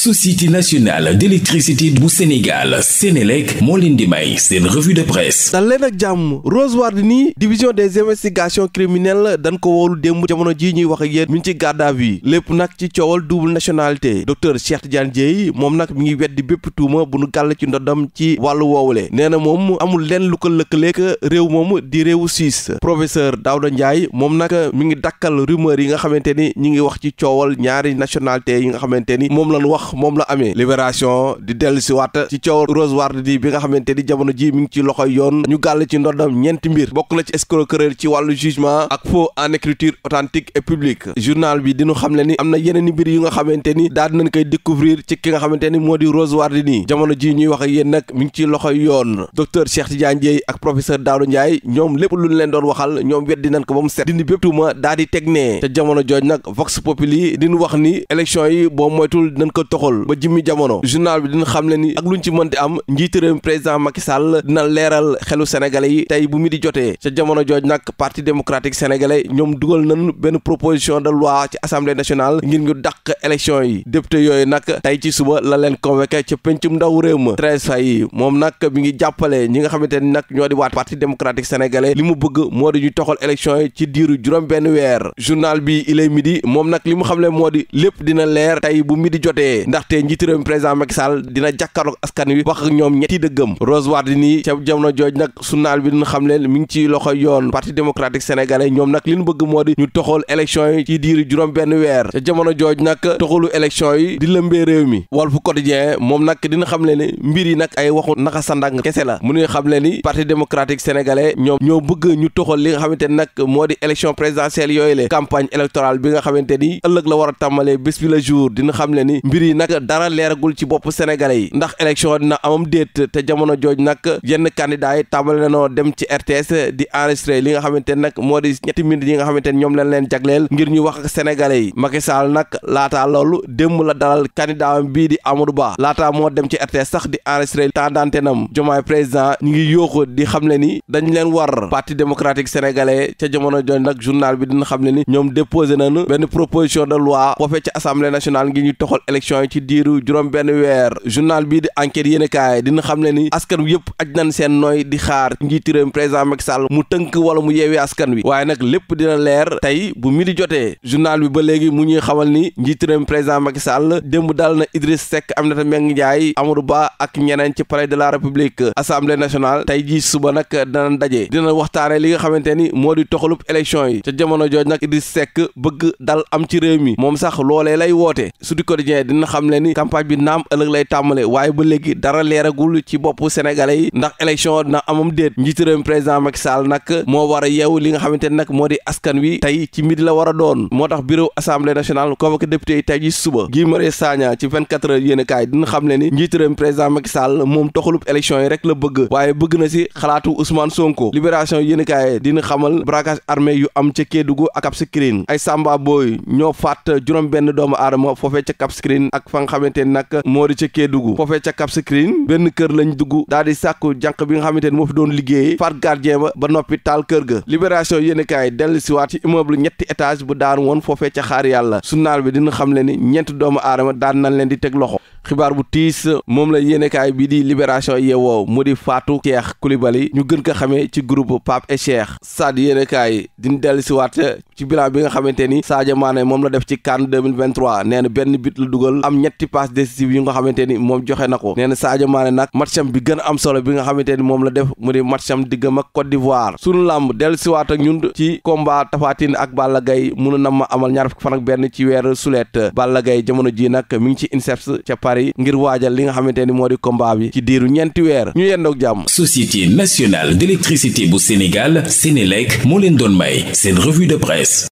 société nationale d'électricité bu Sénégal Sénélec moo leen di may seen revue de presse dal leen ak jàmm Rose ni division des investigations criminelles dan ko woolu démb jamono ji ñuy wax ak yéen mi ngi ci garde à vue lépp nag ci coowal double nationalité docteur Cheikh Tidiane Dièye moom nag mi ngi weddi bépp tuuma bu nu gàll ci ndoddam ci wàllu woowule nee na moom amul leen lu ko lëkk lëkkaleek réew moom di réewu Suisse professeur Daouda Ndiaye moom nag mi ngi dakkal rumeur yi nga xamante ni ñi ngi wax ci coowal ñaari nationalité yi nga xamante ni moom lañ wax sax moom la amee libération di dellu si waat ci coow Rose Wardini bi nga xamante ni jamono ji mi ngi ci loxo yoon ñu gàll ci ndoddam ñeenti mbir bokk na ci escroquerie ci wàllu jugement ak faux en écriture authentique et publique journal bi diñu xam le ni am na yeneen i mbir yu nga xamante ni daal nañ koy découvrir ci ki nga xamante ni moo di Rose Wardini jamono ji ñuy wax ak yéen nag mi ngi ci loxoy yoon docteur Cheikh Tidiane Dièye ak professeur Daouda njaa ñoom lépp luñ leen doon waxal ñoom weddi nañ ko ba mu set dindi bépp tuuma daal di teg nee te jamono jooj nag vox populi diñu wax ni élection yi boo moytul ko tox doxal ba jimmi jamono journal bi dina xam le ni ak lu luñ ci mënti am njiitu réew mi président Macky Sall dina leeral xelu sénégalais yi tey bu mi di jotee ca jamono jooj nag parti démocratique sénégalais ñoom dugal nañ benn proposition de loi ci assemblée national ngir ñu dàq élection yi député yooyu nag tey ci suba la leen convoqué ca mu ndaw réew ma Thérèse Faye moom nag mi ngi jàppale ñi nga xamante ni nag ñoo di waat parti démocratique sénégalais li mu bëgg moo ñu toxal élection yi ci diiru juróom benn weer journal bi il midi moom nag li mu xamle moo di lépp dina leer tey bu midi jotee ndaxte njiitu réew mi président Macky Sall dina jàkkaarloog askan wi wax ak ñoom ñetti dëggam Rose Wardini ca jamono jooj nag surnaal bi dina xam leen mi ngi ci loxo yoon parti démocratique sénégalais ñoom nag li ñu bëgg moo di ñu toxal élection yi ci diir juróom weer ca jamono jooj nag toxalu élection yi di lëmbee réew mi Walf Quotidien moom nag dina xam leen ni mbir yi nag ay waxu naka sandang kese la mu ñuy xam leen ni parti démocratique sénégalais ñoom ñoo bëgg ñu toxal li nga xamante nag moo di élection présidentielle yooyu la campagne électorale bi nga xamante ni ëllëg la war a tàmbalee bés bi la jour dina xam leen ni mbir yi nag dara leeragul ci bopp sénégalais yi ndax élection dina amam déet te jamono jooj nag yenn candidat yi na noo dem ci RTS di enregistré li nga xamante ne nag moo di ñetti minutes yi nga xamante ne ñoom lañ leen jagleel ngir ñu wax ak sénégalais yi Macky Sall nag laataa loolu démb la dalal candidat bii di Amadou Ba laataa moo dem ci RTS sax di enregistré temps d'antenne am jomaay président ñu ngi yooxu di xam le ni dañ leen war parti démocratique sénégalais ca jamono jooj nag journal bi dina xam le ni ñoom déposé nañu benn proposition de loi foofee ci assemblée ci diiru juróom benn weer journal bii di enquête yéen kaay dina xam ne ni askan wi yëpp aj nan seen nooy di xaar njiitu réew président Macky Sall mu tënk wala mu yeewee askan wi waaye nag lépp dina leer tey bu midi jotee journal bi ba léegi mu ñuy xamal ni njiitu réew président Macky Sall démb dal na sekk am Seck a Mbengue Ndiaye Amadou Ba ak ñeneen ci palais de la République assemblée nationale tey jii suba nag danañ daje dina waxtaane li nga xamante ni moo di toxalub élection yi jamono jooj nag Idriss Seck bëgg dal am ci réew mi moom sax loolee lay woote xam le ni campagne bi naam ëllëg lay tàmbale waaye ba léegi dara leeragul ci bopp sénégalais yi ndax élection na amam déet njiitu président Macky Sall moo war a yeew li nga xamante ne nag moo di askan wi tey ci midi la war a doon moo tax bureau assemblée nationale convoqué député yi tey ji suba Guy Marius Sagna ci 24 a kaay dina xam le ni njiitu na si a kaay dina xamal braquage armé yu am ca Kédougou ak Cap Skirring ay Samba Boy ñoo faat juróom benn doomu aadama foofee ca Cap Skirring ak fa nga xamante ni nag moo di ca Kédougou foofee ca Cap Skirring benn kër lañ dugg daal di sàkku jànq bi nga xamante ni moo fi doon liggéeyee far gardien ba ba noppi taal kër ga libération yéenekaay dellu siwaat ci immeuble ñetti étage bu daan woon foofee ca xaar yàlla su journal bi dina xam le ni ñeenti doomu aadama daan nañ leen di teg loxo xibaar bu tiis moom la yéenekaay bi di libération yeewoo mu di Fatou Cheikh Koulibaly ñu gën ko xamee ci groupe Pape et Cheikh Saad yéenekaay diñ dellu siwaat waat ci bilan bi nga xamante ni Sadio Mané moom la def ci CAN 2023 nee na benn bit la dugal am ñetti passe décisive yu nga xamante ni moom joxe na ko nee na Sadio nag matcham bi gën a am solo bi nga xamante ni moom la def mu di matcham diggam ak Côte d'Ivoire sunu làmb dellu siwaat ak ñun ci combat Tapha Tine ak Balla Gaye munu na ma amal ñaar fan ak benn ci weeru sulet Balla Gaye jamono ji nag mi ngi ci INSEPS yi ngir waajal li nga xamante ni moo di combat bi ci diiru ñeenti weer ñu yendoog jàmm société nationale d'électricité bu Sénégal Sénélec moo leen doon may seen revue de presse